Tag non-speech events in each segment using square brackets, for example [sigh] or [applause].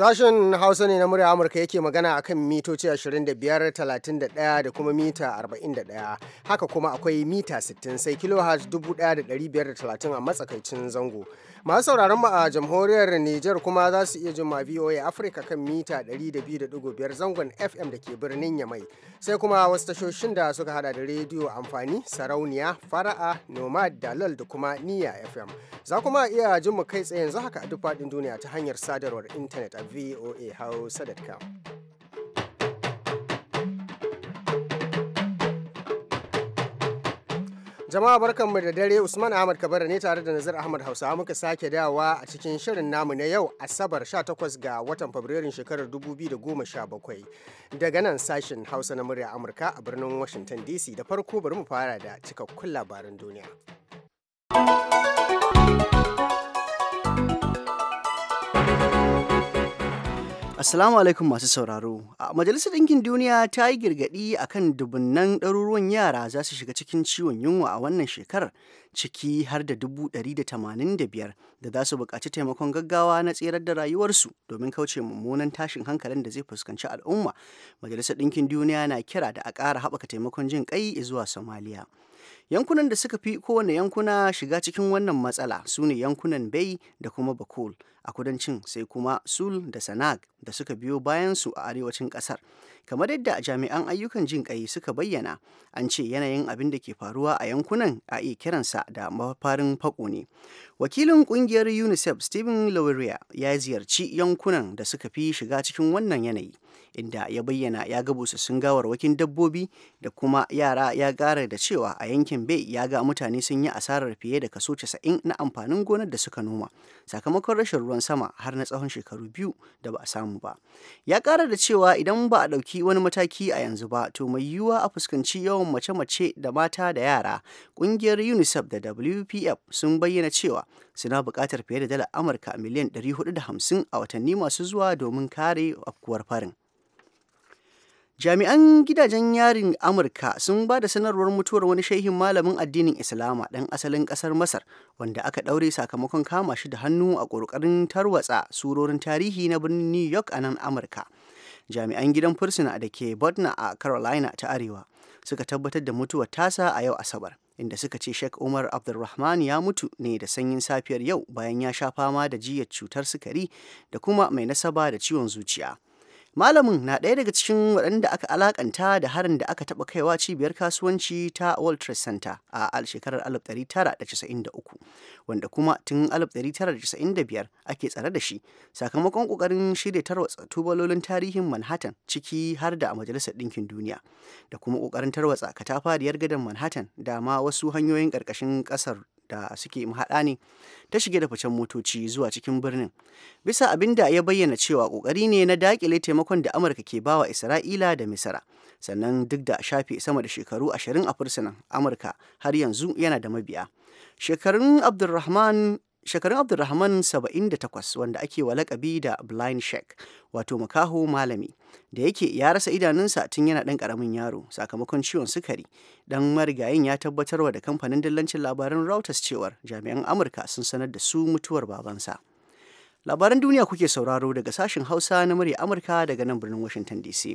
Sashen Hausa ne na murya Amurka yake magana akan mitoci 25, 31 da kuma mita 41. Haka kuma akwai mita 60 sai kilohertz 1530 a matsakaicin zango. masu sauraron mu a jamhuriyar Nijar kuma za su iya jima VOA Africa kan mita 102.5 zangon FM da ke birnin Yamai sai kuma wasu tashoshin da suka hada da rediyo amfani sarauniya fara'a nomad dalal da kuma niya FM za kuma iya jin kai tsaye yanzu haka a duk faɗin duniya ta hanyar sadarwar intanet a voa hausa.com Jama'a barkanmu da dare Usman Ahmad Kabara ne tare da nazar Ahmad hausa muka sake dawa a cikin shirin namu na yau Asabar 18 ga watan Fabrairun shekarar 2017 daga nan sashen Hausa na murya Amurka a birnin Washington DC da farko bari mu fara da cikakkun labaran duniya. Assalamu alaikum masu sauraro. A Majalisar Ɗinkin Duniya ta yi girgadi a kan dubunnan ɗaruruwan yara za su shiga cikin ciwon yunwa a wannan shekarar, ciki har da dubu ɗari da tamanin da biyar da za su buƙaci taimakon gaggawa na tserar da rayuwarsu domin kauce mummunan tashin hankalin da zai fuskanci al'umma. Majalisar Ɗinkin Duniya na kira da a ƙara haɓaka taimakon jin ƙai zuwa Somalia. yankunan da suka fi kowane yankuna shiga cikin wannan matsala su ne yankunan Bai da kuma bakul a kudancin sai kuma sul da sanag da suka biyo bayansu a arewacin kasar kamar yadda jami'an ayyukan jin kai suka bayyana an ce yanayin abin da ke faruwa a yankunan a iya kiransa da mafarin fako ne Wakilin kungiyar UNICEF Stephen Laurier ya ziyarci yankunan da suka fi shiga cikin wannan yanayi, inda ya bayyana ya ga busassun gawarwakin dabbobi da kuma yara ya gara da cewa a yankin Bay ya ga mutane sun yi asarar fiye da kaso 90 na amfanin gonar da suka noma, sakamakon rashin ruwan sama har na tsawon shekaru biyu da ba a samu ba. Ya kara da cewa idan ba a ɗauki wani mataki a yanzu ba, to mai yiwuwa a fuskanci yawan mace-mace da mata da yara. Kungiyar UNICEF da WPF sun bayyana cewa suna buƙatar fiye da dala amurka miliyan 450 a watanni masu zuwa domin kare afkuwar farin jami'an gidajen yarin amurka sun ba da sanarwar mutuwar wani shehin malamin addinin islama ɗan asalin ƙasar masar wanda aka ɗaure sakamakon kama shi da hannu a ƙoƙarin tarwatsa surorin tarihi na birnin new york a nan amurka jami'an gidan fursuna da ke bodna a carolina ta arewa suka tabbatar da mutuwar tasa a yau asabar inda suka ce Sheikh Umar Abdulrahman ya mutu ne da sanyin safiyar yau bayan ya sha fama da jiyar cutar sukari da kuma mai nasaba da ciwon zuciya. Malamin na ɗaya daga cikin waɗanda aka alakanta da harin da aka taɓa kaiwa cibiyar kasuwanci ta World Trade Center a shekarar 1993, wanda kuma tun 1995 ake tsare da shi sakamakon ƙoƙarin shirya tarwatsa tubalolin tarihin Manhattan ciki har da a Majalisar Ɗinkin Duniya, da kuma ƙoƙarin tarwatsa katafariyar gadon Manhattan da ma wasu hanyoyin ƙarƙashin ƙasar da suke mahaɗa ne ta shige da ficen motoci zuwa cikin birnin bisa abin da ya bayyana cewa ƙoƙari ne na daƙile taimakon taimakon da amurka ke bawa isra'ila da misira sannan duk da shafe sama da shekaru ashirin a fursunan amurka har yanzu yana da mabiya shekarun abdulrahman shekarun abdulrahman 78 wanda ake wa lakabi da blind sheik wato makaho malami da yake ya rasa idanunsa tun yana ɗan karamin yaro sakamakon ciwon sukari dan marigayin ya tabbatarwa da kamfanin dillancin labarin reuters cewar jami'an amurka sun sanar da su mutuwar babansa Labaran duniya kuke sauraro daga sashen Hausa na murya Amurka daga nan birnin Washington DC.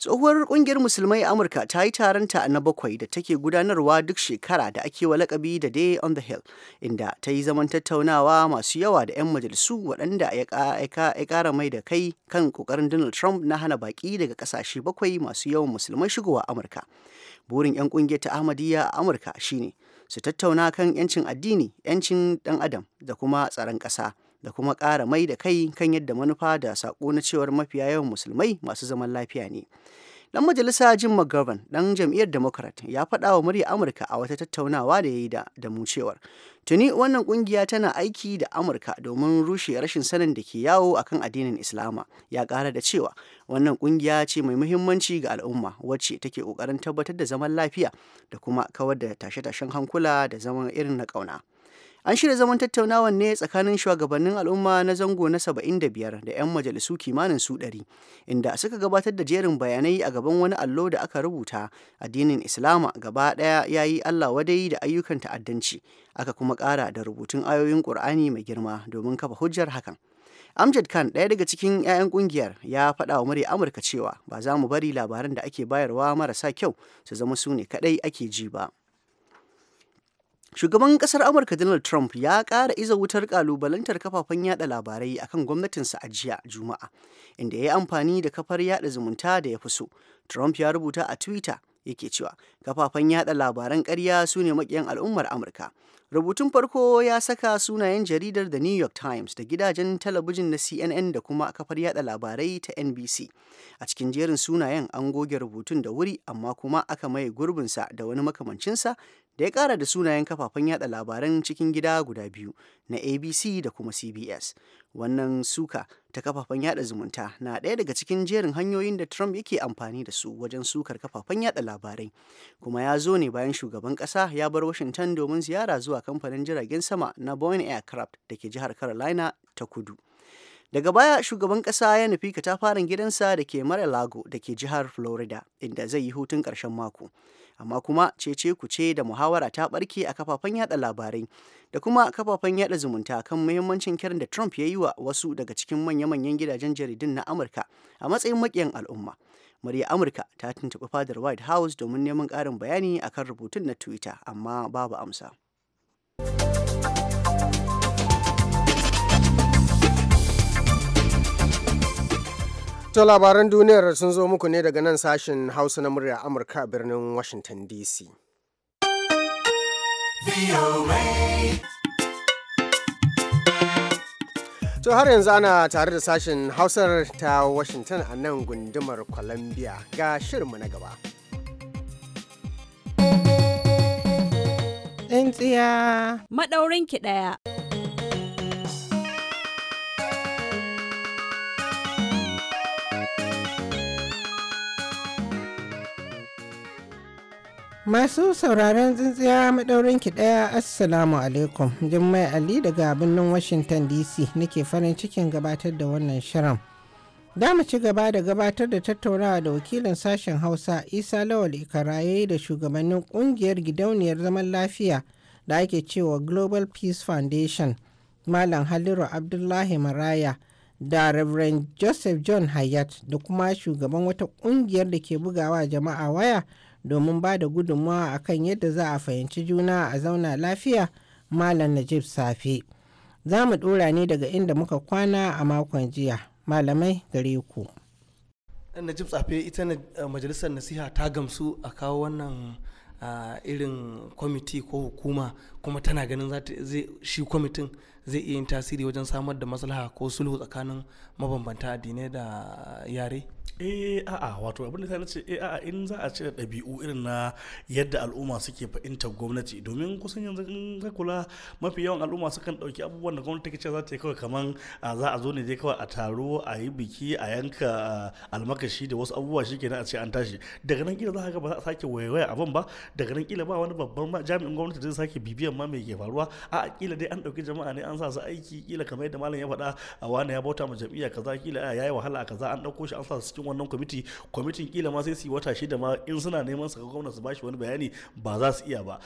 Tsohuwar kungiyar Musulmai Amurka ta yi taronta na bakwai da take gudanarwa duk shekara da ake wa lakabi da Day on the Hill, inda ta yi zaman tattaunawa masu yawa da 'yan majalisu waɗanda ya ƙara mai da kai kan ƙoƙarin Donald Trump na hana baƙi daga ƙasashe bakwai masu yawan musulmai shigowa Amurka. burin 'yan kungiyar ta ahmadiyya a amurka shine su tattauna kan 'yancin addini 'yancin ɗan adam da kuma tsaron ƙasa da kuma ƙara mai da kai kan yadda manufa da saƙo na cewar mafiya yawan musulmai masu zaman lafiya ne. Ɗan majalisa Jim McGovern, dan jam'iyyar Democrat, ya faɗa wa murya Amurka a wata tattaunawa da ya yi da mu cewar tuni wannan ƙungiya tana aiki da Amurka domin rushe rashin sanin da ke yawo akan addinin Islama. Ya ƙara da cewa wannan ƙungiya ce mai muhimmanci ga al'umma wacce take ƙoƙarin tabbatar da zaman lafiya da kuma kawar da tashe-tashen hankula da zaman irin na ƙauna. An shirya zaman tattaunawan ne tsakanin shugabannin al'umma na zango na 75 da 'yan majalisu kimanin su 100, inda suka gabatar da jerin bayanai a gaban wani allo da aka rubuta addinin Islama gaba ɗaya ya yi Allah wadai da ayyukan ta'addanci, aka kuma ƙara da rubutun ayoyin Ƙur'ani mai girma domin kafa hujjar hakan. Amjad Khan ɗaya daga cikin 'ya'yan ƙungiyar ya faɗa wa murya Amurka cewa ba za mu bari labaran da ake bayarwa marasa kyau su zama su ne kaɗai ake ji ba. Shugaban kasar Amurka Donald Trump ya ƙara iza wutar ƙalubalantar kafafen yada labarai akan gwamnatinsa a jiya Juma'a, inda ya yi amfani da kafar yada zumunta da ya fi so. Trump ya rubuta a Twitter yake cewa kafafen yada labaran ƙarya su ne maƙiyan al'ummar Amurka. Rubutun farko ya saka sunayen jaridar The New York Times da gidajen talabijin na CNN da kuma kafar yada labarai ta NBC. A cikin jerin sunayen an goge rubutun da wuri amma kuma aka maye gurbinsa da wani makamancinsa da ya ƙara da sunayen kafafen yada labaran cikin gida guda biyu na abc da kuma cbs wannan suka ta kafafen yada zumunta na ɗaya daga cikin jerin hanyoyin da trump yake amfani da su wajen sukar kafafen yada labarai kuma ya zo ne bayan shugaban ƙasa ya bar washington domin ziyara zuwa kamfanin jiragen sama na boeing aircraft da ke jihar carolina ta kudu daga baya shugaban ƙasa ya nufi katafaren gidansa da ke mara lago da ke jihar florida inda zai yi hutun ƙarshen mako amma kuma cece ku ce da muhawara ta barke a kafafen yada labarai da kuma kafafen yada zumunta kan muhimmancin kiran da Trump ya yi wa wasu daga cikin manya-manyan gidajen jaridun na Amurka a matsayin makiyan al'umma. Murya Amurka ta tuntuɓi fadar White House domin neman ƙarin bayani akan rubutun na Twitter amma babu amsa. To labaran duniyar sun zo muku ne daga nan sashen Hausa na murya Amurka birnin Washington DC. To har yanzu ana tare da sashen Hausar ta Washington a nan gundumar Columbia ga shirinmu na gaba. Tsintsiya. Maɗaurinki ɗaya. Masu sauraron tsintsiya maɗaurin ki ɗaya Assalamu alaikum. Jummai Ali daga birnin Washington DC nake farin cikin gabatar da wannan shirin. Da mu ci gaba da gabatar da tattaunawa da wakilin sashen Hausa Isa Lawal Ikaraye da shugabannin ƙungiyar gidauniyar zaman lafiya da ake cewa Global Peace Foundation, Malam Haliru Abdullahi Maraya da Reverend Joseph John Hayat da kuma shugaban wata ƙungiyar da ke bugawa jama'a waya. domin ba da gudunmawa akan yadda za a fahimci juna a zauna lafiya malam najib safe za mu ɗora ne daga inda muka kwana a makon jiya malamai gare ku najib safe ita eh, majalisar nasiha ta gamsu a kawo wannan irin kwamiti ko hukuma kuma tana ganin shi kwamitin zai iya yin tasiri wajen samar da maslaha ko sulhu tsakanin mabambanta addinai da yare eh a'a wato abin da ta ce eh a'a in za a cire ɗabi'u irin na yadda al'umma suke fahimtar gwamnati domin kusan yanzu in ka kula mafi yawan al'umma sukan ɗauki abubuwan da gwamnati take cewa za ta yi kawai kaman za a zo ne dai kawai a taro a yi biki a yanka almakashi da wasu abubuwa shi kenan a ce an tashi daga nan kila za ka ga ba za a sake waiwaya abin ba daga nan kila ba wani babban jami'in gwamnati zai sake bibiyan ma me ke faruwa a kila dai an ɗauki jama'a ne an sa su aiki kila kamar yadda malam ya faɗa a wani ya bauta ma jam'iyya kaza kila ya yi wahala a kaza an ɗauko shi an sa su cikin wannan kwamiti kwamitin kila ma sai su yi wata shida ma in suna neman su ga gwamna su bashi wani bayani ba za su iya ba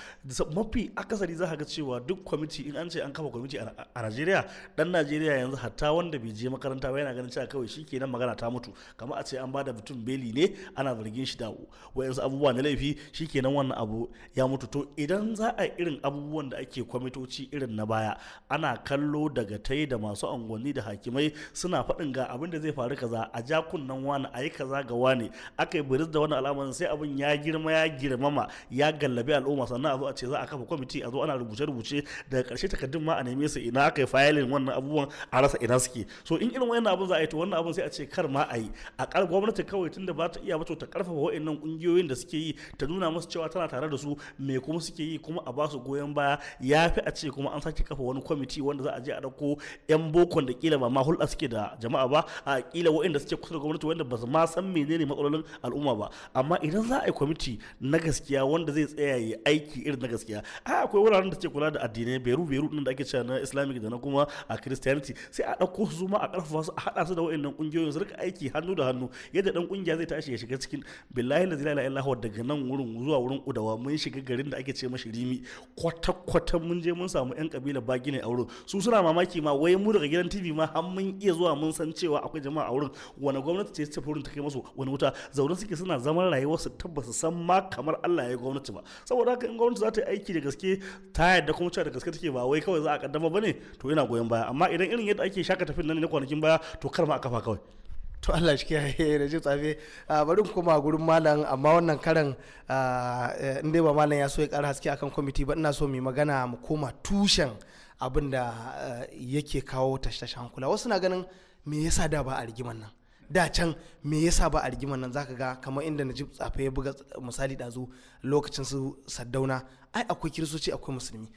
mafi akasari za ga cewa duk kwamiti in an ce an kafa kwamiti a Najeriya dan Najeriya yanzu hatta wanda bai je makaranta ba yana ganin cewa kawai shikenan magana ta mutu kamar a ce an bada mutum beli ne ana zargin shi da wayansu abubuwa na laifi shikenan wannan abu ya mutu to idan za a irin abubuwan da ake kwamitoci irin na baya ana kallo daga tai da masu unguwanni da hakimai suna faɗin ga abin da zai faru kaza a jakunan wani ayi kaza ga wani aka yi biris da wani al'amarin sai abin ya girma ya girmama ya gallabi al'umma sannan a zo a ce za a kafa kwamiti a zo ana rubuce-rubuce daga karshe takardun ma a neme su ina aka yi fayilin wannan abubuwan a rasa ina suke so in irin wannan abun za a yi to wannan abun sai a ce kar ma a yi a kar gwamnati kawai tunda ba ta iya ba to ta karfafa wa'annan kungiyoyin da suke yi ta nuna musu cewa tana tare da su me kuma suke yi kuma a ba su goyon baya ya fi a ce kuma an sake kafa wani kwamiti wanda za a je a dauko yan bokon da kila ba ma hulɗa suke da jama'a ba a kila wa'anda suke kusa da gwamnati wanda ba su ma san menene matsalolin al'umma ba amma idan za a yi kwamiti na gaskiya wanda zai tsaya ya aiki irin na gaskiya a akwai wuraren da suke kula da addinai beru beru din da ake cewa na islamic da na kuma a christianity sai a ɗauko su ma a ƙarfafa su a haɗa su da waɗannan ƙungiyoyin su rika aiki hannu da hannu yadda ɗan ƙungiya zai tashi ya shiga cikin billahi la ilaha illallah daga nan wurin zuwa wurin udawa mun shiga garin da ake ce mashi rimi kwata kwata mun je mun samu yan kabila ba gine a wurin su suna mamaki ma wai mu daga gidan tv ma har mun iya zuwa mun san cewa akwai jama'a a wurin wani gwamnati ce ce furin ta kai wani wuta zaune suke suna zaman rayuwar su tabbas san ma kamar Allah ya gwamnati ba saboda haka in gwamnati za ta yi aiki da gaske ta yadda kuma cewa da gaske take ba wai kawai za a kaddama bane to ina goyon baya amma idan irin yadda ake shaka tafin nan ne kwanakin baya to kar ma a kafa kawai to Allah shi yi da ji tsafe bari kuma gurin malam amma wannan karan e, in dai ba malam ya so ya kara haske akan kwamiti ba ina so mu magana mu koma tushen abin e, yake kawo tashtashen hankula wasu na ganin me yasa da ba a rigiman nan da can me yasa ba a rigimar nan zaka ga kamar inda Najib Tsafe ya buga misali dazu lokacin su Saddauna ai akwai kiristoci akwai musulmi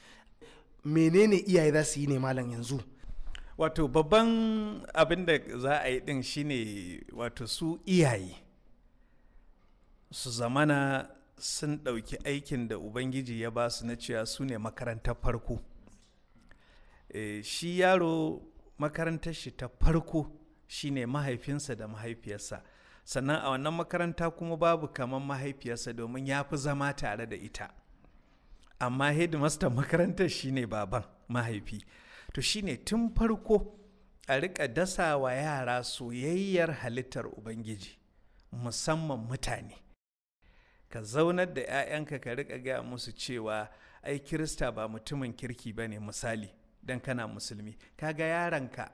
menene iyaye za su yi ne malam yanzu wato babban abin da za a yi din shine wato su iyaye su zamana sun ɗauki aikin da ubangiji ya ba su na cewa su ne makarantar farko e, shi yaro makarantar shi ta farko shine mahaifinsa da mahaifiyarsa sannan a wannan makaranta kuma babu kamar mahaifiyarsa domin ya fi zama tare da ita amma headmaster makarantar shine baban mahaifi to shine tun farko a rika dasa wa yara soyayyar halittar ubangiji musamman mutane ka zaunar da 'ya'yanka ka rika gaya musu cewa ai kirista ba mutumin kirki ba ne misali don kana musulmi Ka kaga yaranka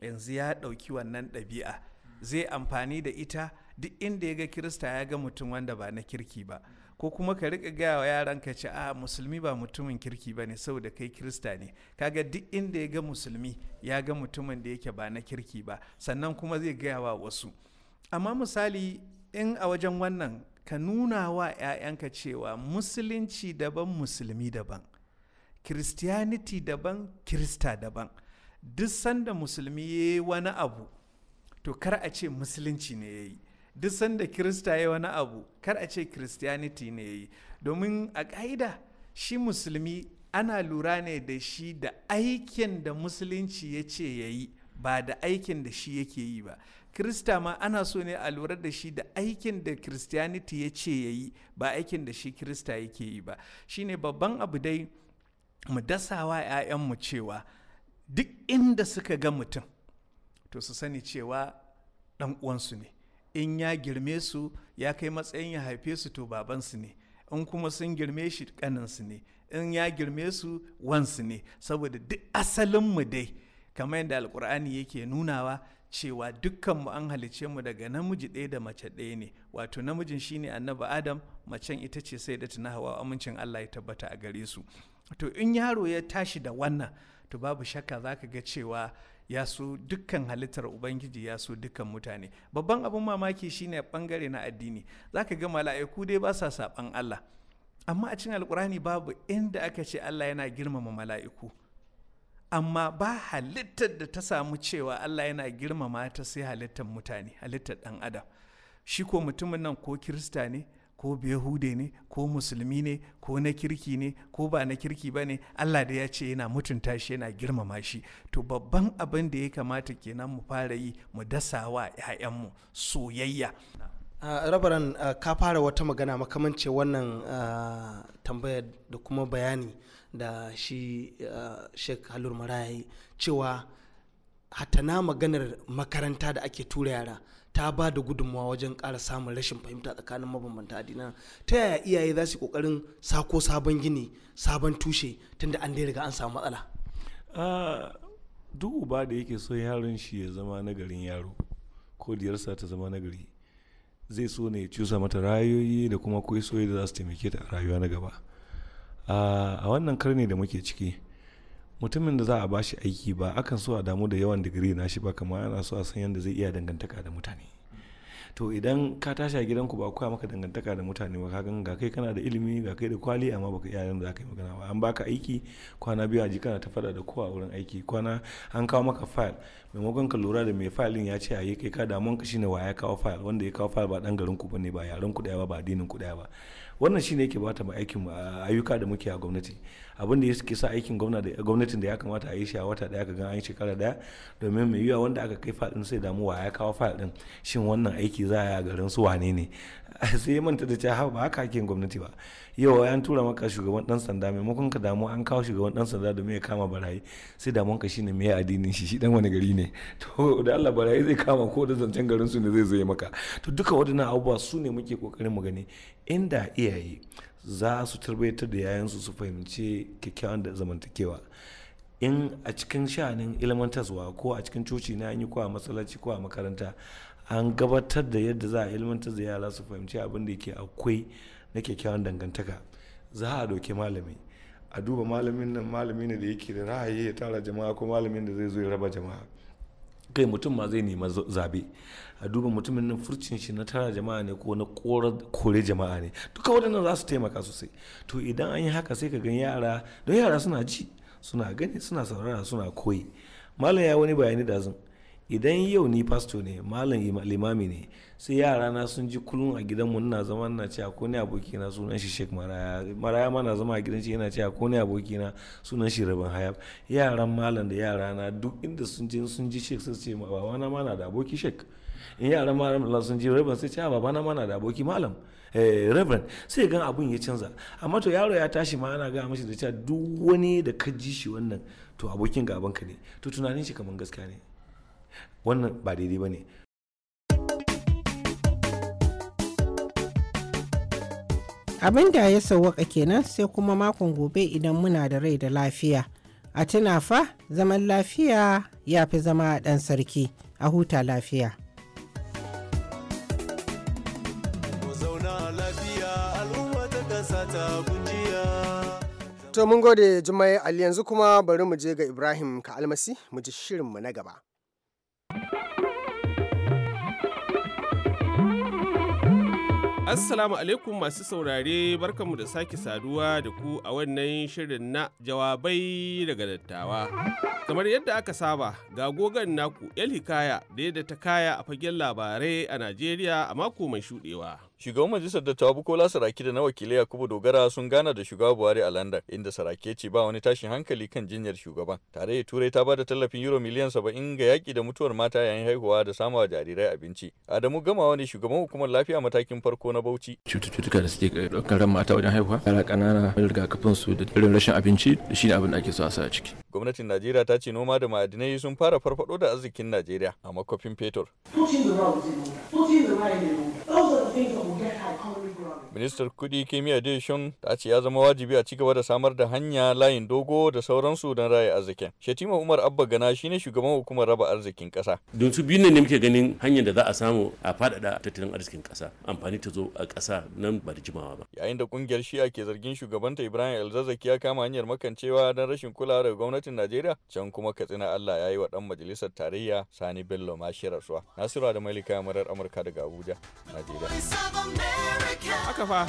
yanzu ya ɗauki wannan ɗabi'a zai amfani da ita duk inda ya ga kirista ya ga mutum wanda ba na kirki ba ko kuma ka riƙa gaya wa yaran ka ce a musulmi ba mutumin kirki ba ne saboda kai kirista ne kaga duk inda ya ga musulmi ya ga mutumin da yake ba na kirki ba sannan kuma zai gaya wa wasu amma misali in a wajen wannan ka nuna wa 'ya'yanka cewa musulunci daban musulmi daban christianity daban kirista daban duk sanda musulmi ya yi wani abu to kar a ce musulunci ne ya yi duk sanda kirista ya yi wani abu kar a ce christianity ne ya yi domin a ƙa'ida shi musulmi ana lura ne da shi da aikin da musulunci ya ce ya yi ba da aikin da shi yake yi ba kirista ma ana so ne a lura da shi da aikin da christianity ya ce ya yi ba aikin da shi kirista yake yi ba shine babban abu dai mu dasawa 'ya'yanmu cewa duk inda suka ga mutum to su sani cewa ɗan uwansu ne in ya girme su ya kai matsayin ya haife su to babansu ne in kuma sun girme shi kaninsu ne in ya girme su wansu ne saboda duk asalinmu dai kamar yadda alkur'ani yake nunawa cewa dukkanmu an halice mu daga namiji ɗaya da mace ɗaya ne wato namijin shine annabi adam macen ita ce sai da na hawa amincin allah ya tabbata a gare su to in yaro ya tashi da wannan to babu shakka za ka ga cewa ya so dukkan halittar ubangiji ya so dukkan mutane babban abin mamaki shine bangare na addini za ka ga mala'iku dai ba sa saɓan allah amma a cikin alkurani babu inda aka ce allah yana girmama mala'iku amma ba halittar da ta samu cewa allah yana girmama ta sai halittar mutane halittar ɗan adam shi ko mutumin nan ko kirista ne ko Yahude ne ko musulmi ne ko na kirki ne ko ba na kirki ba ne Allah da ya ce yana mutunta shi yana girmama shi to babban abin da ya kamata kenan mu fara yi mu dasawa 'ya'yanmu soyayya rabaran ka fara wata magana makamance wannan tambaya da kuma bayani da shi sheik halur maraya cewa hatana maganar makaranta da ake tura yara ta ba da gudunmawa wajen kara samun rashin fahimta tsakanin mabambanta addinan ta yaya iyaye za su ƙoƙarin sako sabon gini sabon tushe tunda an dai riga an samu matsala ah, duk uba da yake so yaron shi ya zama nagarin yaro ko diyarsa ta zama nagari zai so ne ya cusa mata rayoyi da kuma koyi soyayya da za su taimake ta a rayuwa na gaba ah, a wannan karni da muke ciki mutumin da za a bashi aiki ba akan so a damu da yawan digiri na shi ba kamar ana so a san yadda zai iya dangantaka da mutane to idan ka tashi a gidanku ba koya maka dangantaka da mutane ba kagan ga kai kana da ilimi ga kai da kwali amma baka iya da ka yi magana ba an baka aiki kwana biyu a ji kana ta fada da kowa wurin aiki kwana an kawo maka file maimakon ka lura da mai file ya ce a yi kai ka damuwan ka shine wa ya kawo file wanda ya kawo file ba dan garin ku bane ba yaran ku daya ba ba addinin ku daya ba wannan shine yake bata mu aikin ayyuka da muke a gwamnati abin da yake sa aikin gwamnatin da ya kamata a yi shi a wata daya ka ga an shekara daya domin mai yiwuwa wanda aka kai fadin sai damuwa ya kawo fadin shin wannan aiki za a yi a garin su wane ne [laughs] sai manta da cewa ba haka aikin gwamnati ba yau an tura maka shugaban dan sanda maimakon ka damu an kawo shugaban dan sanda domin ya kama barayi sai damuwan ka shine me addinin shi shi dan wani gari ne [laughs] to da Allah barayi zai kama ko da zancen garin su ne zai zo maka to duka wadannan abubuwa su ne muke kokarin mu gani inda iyaye za su tarbatar da yayansu su fahimci kyakkyawan da zamantakewa in a cikin sha'anin ilmantarwa ko a cikin coci na yi ko a masallaci ko a makaranta an gabatar da yadda za a ilmantar da yara su fahimci abin da ke akwai na kyakkyawan dangantaka za a ɗauki malami a duba malamin nan malami ne da yake da ra'ayi ya tara jama'a ko malamin da zai zo ya raba jama'a kai mutum ma zai nema zabe a duba mutumin nan furcin shi na tara jama'a ne ko na kore jama'a ne duka waɗannan za su taimaka sosai to idan an yi haka sai ka gan yara don yara suna ji suna gani suna saurara suna koyi malam ya wani bayani da zan idan yau ni pasto ne malam limami ne sai yara na sun ji kullum a gidanmu na zama na ce ko ne aboki na sunan shi shek Maraya ma na zama a gidan shi yana ce ko ne aboki na sunan shi rabin Hayab yaran malam da yara na duk inda sun ji sun ji shek sai ce baba ma na da aboki shek. in yaran malam sun ji reverend sai ce a ah, babana ma na da aboki malam eh, reverend sai gan abun ya canza amma to yaro ya tashi ma ana gaya mashi da cewa duk wani da ka ji shi wannan to abokin gaban ka ne to tunanin shi kaman gaskiya ne wannan ba daidai ba ne abin da ya sauwaka kenan sai kuma makon gobe idan muna da rai da lafiya a tuna fa zaman lafiya ya fi zama dan sarki a huta lafiya To mun gode Jummai Ali yanzu kuma bari mu je ga Ibrahim ka almasi mu ji mu na gaba. Assalamu alaikum masu saurare barkanmu da sake saduwa da ku a wannan shirin na jawabai daga dattawa. Kamar yadda aka saba ga gogon naku El Hikaya da yadda ta kaya a fagen labarai a Najeriya a mako mai shudewa. Shugaban majalisar dattawa Bukola Saraki da na wakilai Yakubu Dogara sun gana da shugaba Buhari a London inda Saraki ce ba wani tashin hankali kan jinyar shugaban. Tare da Turai ta ba da tallafin euro miliyan saba'in ga yaƙi da mutuwar mata yayin haihuwa da samawa jarirai abinci. Adamu Gamawa ne shugaban hukumar lafiya matakin farko na Bauchi. Cututtuka da suke ɗaukar mata wajen haihuwa, yara ƙanana, rigakafin su da irin rashin abinci da shi ne abin da ake so a sa a ciki. gwamnatin najeriya ta ce noma da ma'adinai sun fara farfado da arzikin najeriya a makwafin fetur ministar kudi kimiyya shun ta ce ya zama wajibi a cigaba da samar da hanya layin dogo da sauransu don raya arzikin shetima umar abba gana shine shugaban hukumar raba arzikin kasa don su biyu ne muke ganin hanyar da za a samu a faɗaɗa tattalin arzikin kasa amfani ta zo a kasa nan ba da jimawa ba yayin da kungiyar shi'a ke zargin shugabanta ibrahim elzazaki ya kama hanyar makancewa don rashin kulawa daga gwamnati gwamnatin Najeriya can kuma Katsina Allah ya yi wa ɗan majalisar tarayya Sani Bello mashi rasuwa. Nasiru da Malika murar Amurka daga Abuja, Najeriya. Haka fa,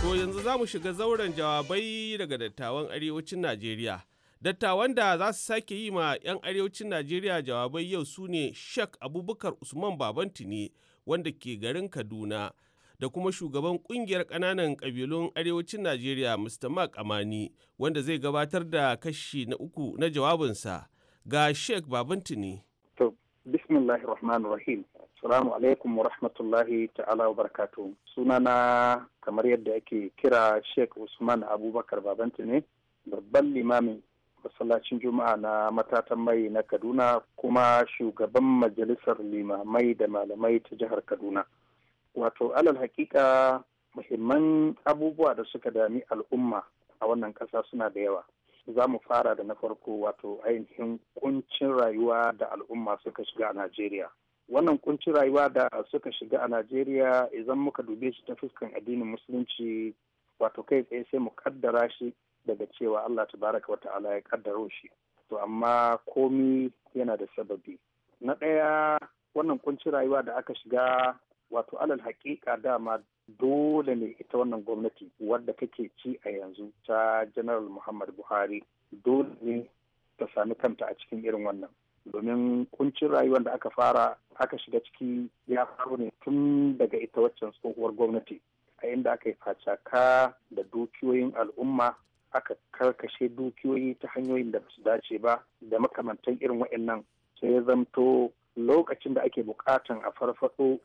to yanzu za mu shiga zauren jawabai daga dattawan arewacin Najeriya. Dattawan da za su sake yi ma 'yan arewacin Najeriya jawabai yau sune ne Shek Abubakar Usman Babantini wanda ke garin Kaduna da kuma shugaban kungiyar ƙananan kabilun arewacin Najeriya Mr. Mark Amani wanda zai gabatar da kashi na uku na jawabinsa ga Sheikh Babantini. To, Bismillahir Rahmanir Rahim. Salamu alaikum wa rahmatullahi ta'ala wa Sunana kamar yadda ake kira Sheikh Usman Abubakar Babantini, babban limamin masallacin juma'a na matatan mai na kaduna kuma shugaban majalisar limamai da malamai ta jihar kaduna wato alal hakika muhimman abubuwa da suka dami al'umma a wannan ƙasa suna da yawa za mu fara da na farko wato ainihin kuncin rayuwa da al'umma suka shiga a najeriya wannan kuncin rayuwa da suka shiga a najeriya idan muka dube shi ta fuskan addinin musulunci wato kai tsaye sai mu kaddara shi daga cewa allah tabaraka wa ta'ala ya kaddaro shi to amma komi yana da sababi na ɗaya wannan kuncin rayuwa da aka shiga wato alal haƙiƙa dama dole ne ita wannan gwamnati wadda kake ci a yanzu ta general muhammad buhari dole ne ta sami kanta a cikin irin wannan domin kuncin rayuwar da aka fara aka shiga ciki ya faru ne tun daga ita waccan tsohuwar gwamnati a inda aka yi facaka da dukiyoyin al'umma aka karkashe dukiyoyi ta hanyoyin da su dace ba da makamantan irin waɗannan sai ya zamto lokacin da ake bukatan a farfado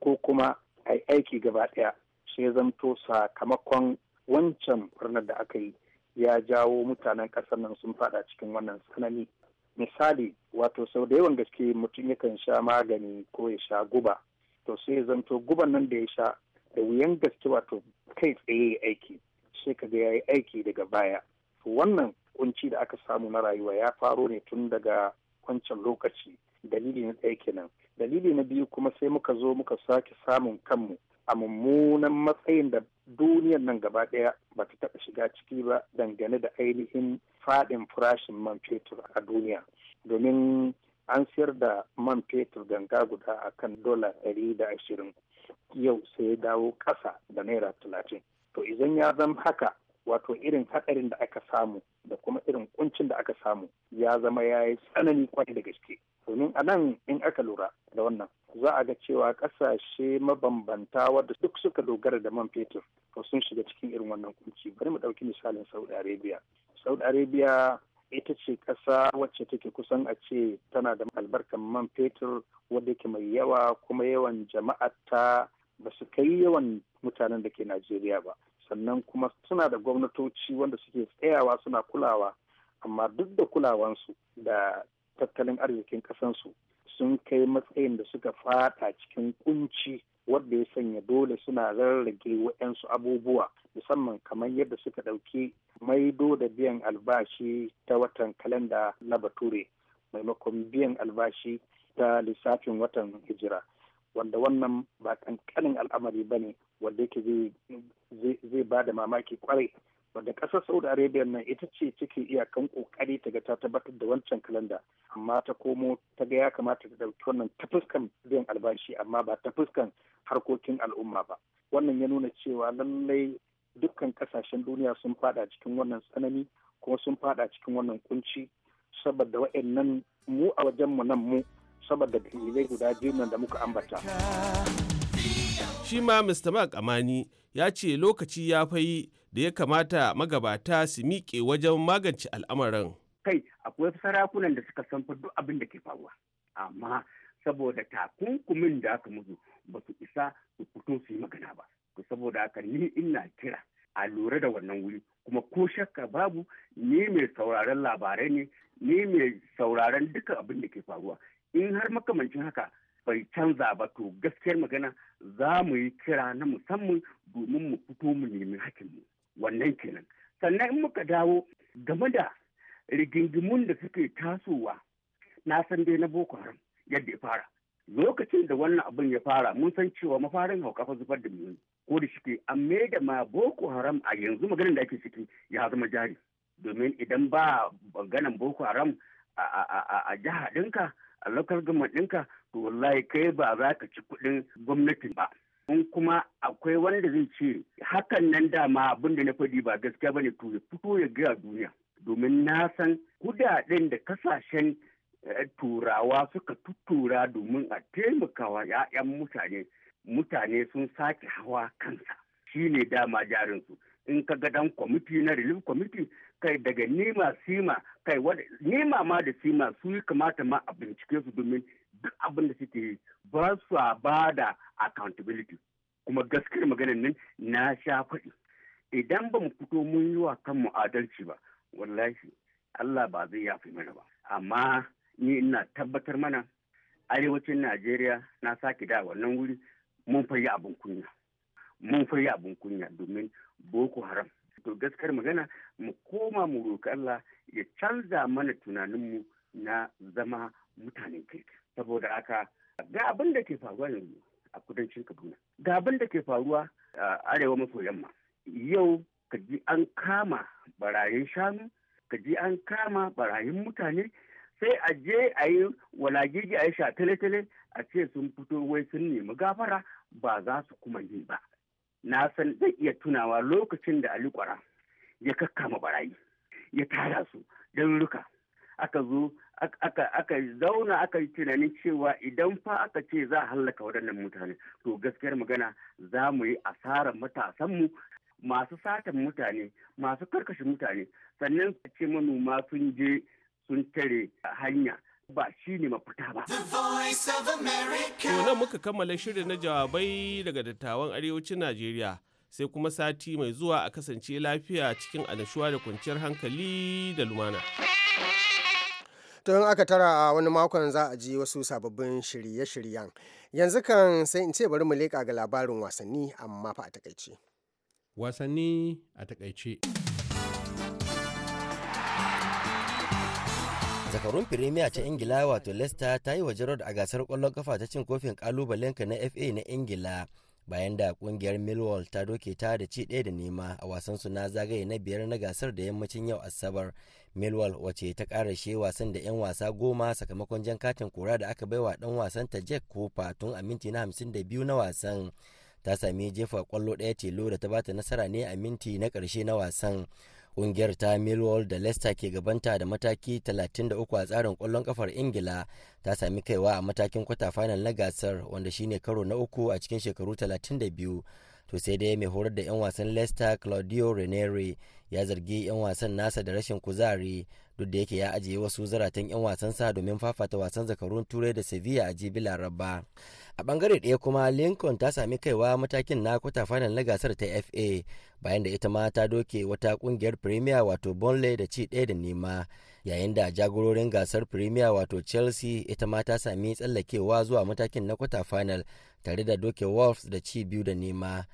ko kuma a aiki gaba ɗaya sai ya zamto sakamakon wancan birnin da aka yi ya jawo mutanen ƙasar nan sun faɗa cikin wannan tsanani misali wato sau da yawan gaske mutum yakan sha magani ko ya sha guba to sai ya zanto guban nan da ya sha da wuyan gaske wato kai tsaye ya aiki sai ka ga ya yi aiki daga baya to wannan kunci da aka samu na rayuwa ya faro ne tun daga wancan lokaci dalili na ɗaya kenan dalili na biyu kuma sai muka zo muka sake samun kanmu a mummunan matsayin da duniyar nan gaba ɗaya ba ta taɓa shiga ciki ba dangane da ainihin faɗin farashin man fetur a duniya domin an siyar da man fetur ganga guda a kan dola ɗari da ashirin yau sai dawo ƙasa da naira talatin to idan ya zama haka wato irin hatsarin da aka samu da kuma irin kuncin da aka samu ya zama ya yi tsanani kwarai da gaske domin a nan in aka lura da wannan za a ga cewa ƙasashe mabambanta wadda duk suka dogara da man fetur to sun shiga cikin irin wannan kunci bari mu ɗauki misalin saudi arabia saudi arabia ita ce ƙasa wacce take kusan a ce tana da albarkar man fetur wadda yake mai yawa kuma yawan jama'ata ba su kai yawan mutanen da ke najeriya ba sannan kuma suna da gwamnatoci wanda suke tsayawa suna kulawa amma duk da kulawansu da tattalin arzikin kasansu sun kai matsayin da suka fata cikin kunci wadda ya sanya dole suna rarrage waɗansu abubuwa musamman kamar yadda suka ɗauki maido da biyan albashi ta watan kalenda na bature maimakon biyan albashi ta lissafin watan hijira wanda wannan ba ƙanƙanin al'amari ba ne wanda yake zai ba da mamaki kwarai wanda kasar saudi arabia nan ita ce cike iyakan kokari ta ga ta tabbatar da wancan kalanda amma ta komo ta ga ya kamata ta dauki wannan ta fuskan biyan albashi amma ba ta fuskan harkokin al'umma ba wannan ya nuna cewa lallai dukkan kasashen duniya sun fada cikin wannan tsanani kuma sun fada cikin wannan kunci saboda wa'annan mu a wajenmu nan mu saboda dalilai guda biyu nan da muka ambata. Shi ma Mr. Mark Amani ya ce lokaci ya fayi da ya kamata magabata su miƙe wajen magance al'amarin. Kai akwai sarakunan da suka san duk abin da ke faruwa, amma saboda takunkumin da aka musu ba su isa su fito su yi magana ba. Saboda haka ni ina kira a lura da wannan wuri kuma ko shakka babu ni mai sauraron labarai ne ni mai sauraron duka abin da ke faruwa in har makamancin haka bai canza ba to gaskiyar magana za mu yi kira na musamman domin mu fito mu nemi hakinmu wannan kenan sannan in muka dawo game da rigingimun da suke tasowa na san dai na boko haram yadda ya fara lokacin da wannan abin ya fara mun san cewa mafarin haukafa zubar da miyuni ko da shike an da ma boko haram a yanzu maganin da ake ciki ya zama jari domin idan ba ganin boko haram a jiha ɗinka a local government ɗinka to wallahi kai ba za ka ci kuɗin gwamnatin ba. in kuma akwai wanda zai ce hakan nan dama abin na faɗi ba gaskiya ba ne. to ya fito ya gaya duniya domin na san kudaden da kasashen eh, turawa suka tuttura domin a taimakawa ya'yan mutane mutane sun sake hawa kansa shine dama jarinsu in ka ga dan kwamiti na relief kwamiti kai daga nema sima kai wada nema ma da sima su yi kamata ma a bincike su domin duk abin da suke yi ba su a ba da accountability kuma gaskiyar maganin nan na sha faɗi idan ba mu fito mun yi wa kanmu adalci ba wallahi Allah ba zai yafi mana ba amma ni ina tabbatar mana arewacin Najeriya na sake da wannan wuri mun fayi abin kunya mun fayi abin kunya domin boko haram to gaskar magana mu koma mu roƙi Allah ya canza mana tunaninmu na zama mutanen kirki saboda haka ga abin da ke faruwa yanzu a kudancin kaduna ga abin da ke faruwa a arewa maso yamma yau ka ji an kama barayin shanu ka ji an kama barayin mutane sai a je a yi walagigi a yi sha tale-tale a ce sun fito wai sun nemi gafara ba za su kuma yi ba na san zai iya tunawa lokacin da Ali Kwara ya kakkama barayi ya tara su ruka aka zo aka zauna aka yi tunanin cewa idan fa aka ce za a hallaka waɗannan mutane to gaskiyar magana za mu yi asarar matasanmu masu satan mutane masu karkashe mutane sannan ce manoma sun je sun tare hanya ba shi ne mafita ba. To nan muka kammala shirin na jawabai daga dattawan arewacin Najeriya sai kuma sati mai zuwa a kasance lafiya cikin annashuwa da kwanciyar hankali da lumana. tun aka tara a wani makon za a ji wasu sababbin shirye-shiryen yanzu kan sai in ce bari mu leƙa ga labarin wasanni amma fa a takaice wasanni a takaice zakarun firimiya ta ingila wato leicester ta yi wa gerard a gasar kwallon kafa ta cin kofin kalubalenka na fa na ingila bayan da kungiyar milwall ta doke ta da ci daya da nema a wasan su na zagaye na biyar na gasar da yammacin yau asabar millwall wace ta karashe wasan da 'yan wasa goma sakamakon jan katin kora da aka baiwa dan wasan ta jack cooper tun a minti na biyu na wasan ta sami jefa kwallo ɗaya tilo da ta bata nasara ne a minti na karshe na wasan Ƙungiyar ta Millwall da Leicester ke gabanta da mataki 33 a tsarin kwallon kafar Ingila ta sami kaiwa a matakin kwata final na gasar wanda shine karo na uku a cikin shekaru 32. To sai dai mai horar da 'yan wasan Leicester Claudio Ranieri ya zargi 'yan wasan nasa da rashin kuzari duk da yake ya ajiye wasu zaratan 'yan wasansa domin fafata wasan zakarun Turai da Sevilla a jibi Laraba. a bangare ɗaya kuma lincoln ta sami kaiwa matakin na kwata final na gasar ta fa bayan da ita ma ta doke wata kungiyar premier wato burnley da ci ɗaya da nema yayin da jagororin gasar premier wato chelsea ita ma ta sami tsallakewa zuwa matakin na kwata final tare da doke wolves da ci biyu da nema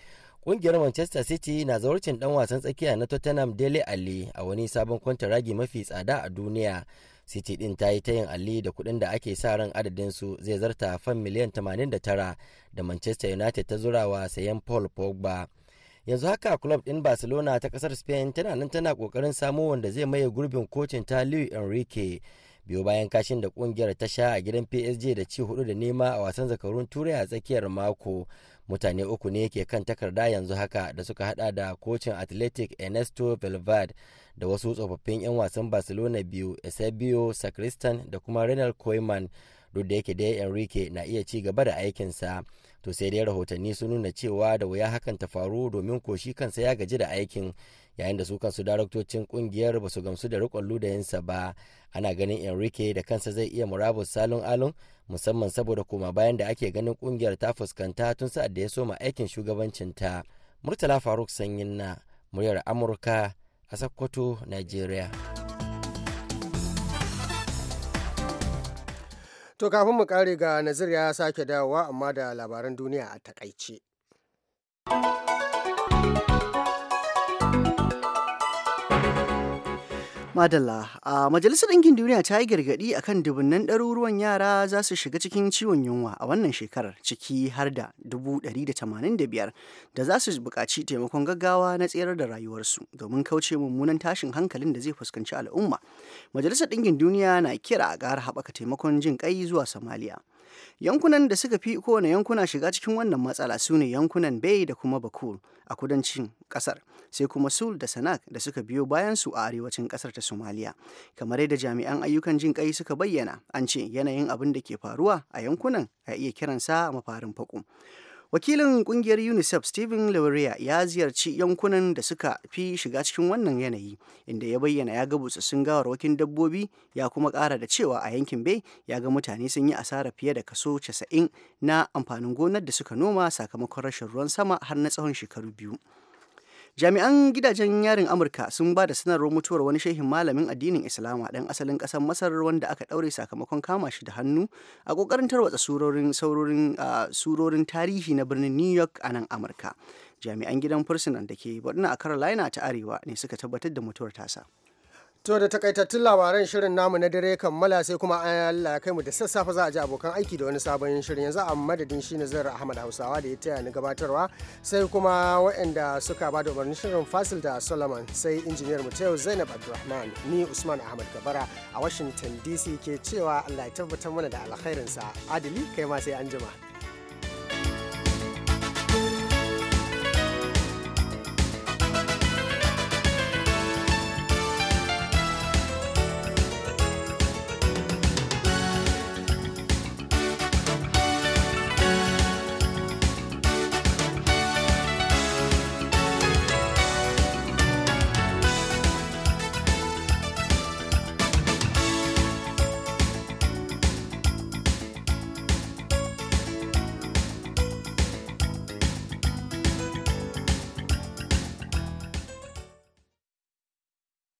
kungiyar manchester city na zawarcin dan wasan tsakiya na tottenham dele alli a wani sabon kwantaragi mafi tsada a duniya city din ta yi ta yin alli da kuɗin da ake sa ran adadin su zai zarta fan miliyan 89 da manchester united ta zurawa sayan paul pogba yanzu haka club din barcelona ta kasar spain tana nan tana kokarin samo wanda zai maye gurbin kocin ta luis enrique biyo bayan kashin da kungiyar ta sha a gidan psg da ci hudu da nema a wasan zakarun turai a tsakiyar mako mutane uku ne ke kan takarda yanzu haka da suka hada da kocin athletic ernesto valverde da wasu tsofaffin 'yan wasan barcelona biyu eusebio sacristan da kuma renal koeman duk da yake dai enrique na iya ci gaba da aikinsa to sai dai rahotanni sun nuna cewa da wuya hakan ta faru domin ko shi kansa ya gaji da aikin yayin da su kansu daraktocin kungiyar ba su gamsu da rikon ludayinsa ba ana ganin enrique da kansa zai iya murabus salon alon musamman saboda koma bayan da ake ganin kungiyar ta fuskanta tun sa'ad da ya soma aikin shugabancinta murtala faruk sanyin na muryar amurka a Sokoto, nigeria. To kafin mu kare ga Nazir ya sake dawowa amma da labaran duniya a takaice. Madalla, a Majalisar Ɗinkin Duniya ta yi gargaɗi kan dubunnan ɗaruruwan yara za su shiga cikin ciwon yunwa a wannan shekarar ciki har da 185 da za su buƙaci taimakon gaggawa na tserar da rayuwarsu domin kauce mummunan tashin hankalin da zai fuskanci al'umma. Majalisar Ɗinkin Duniya na kira a ƙara haɓaka taimakon jin ƙai zuwa Somalia. yankunan da suka fi kowane yankuna shiga cikin wannan matsala su ne yankunan bay da kuma bakul a kudancin kasar sai kuma sul da sanak da suka biyo bayan su a arewacin kasar ta Somalia kamar yadda jami'an ayyukan jin kai suka bayyana an ce yanayin abin da ke faruwa a yankunan a iya kiransa mafarin faƙo wakilin kungiyar unicef stephen lauria ya ziyarci yankunan da suka fi shiga cikin wannan yanayi inda ya bayyana ya ga sun gawarwakin dabbobi ya kuma kara da cewa a yankin bay ya ga mutane sun yi asara fiye da kaso 90 na amfanin gonar da suka noma sakamakon rashin ruwan sama har na tsawon shekaru biyu jami'an gidajen yarin amurka sun ba da sanarwar mutuwar wani shehin malamin addinin islama ɗan asalin ƙasar masar wanda aka ɗaure sakamakon kama shi da hannu a kokarin tarwatsa surorin tarihi na birnin new york a nan amurka jami'an gidan fursunan da ke Borno a Carolina ta Arewa ne suka tabbatar da mutuwar tasa. To da takaitattun labaran shirin namu na dare kammala sai kuma an Allah kai mu da sassafe za a ji abokan aiki da wani sabon shirin yanzu a madadin shi ne zan Ahmad Hausawa da ya taya ni gabatarwa sai kuma waɗanda suka ba da umarnin shirin Fasil da Solomon sai injiniyar mu ta yau Zainab Abdulrahman ni Usman Ahmad Kabara a Washington DC ke cewa Allah ya tabbatar mana da alkhairinsa adili kai ma sai anjima. jima.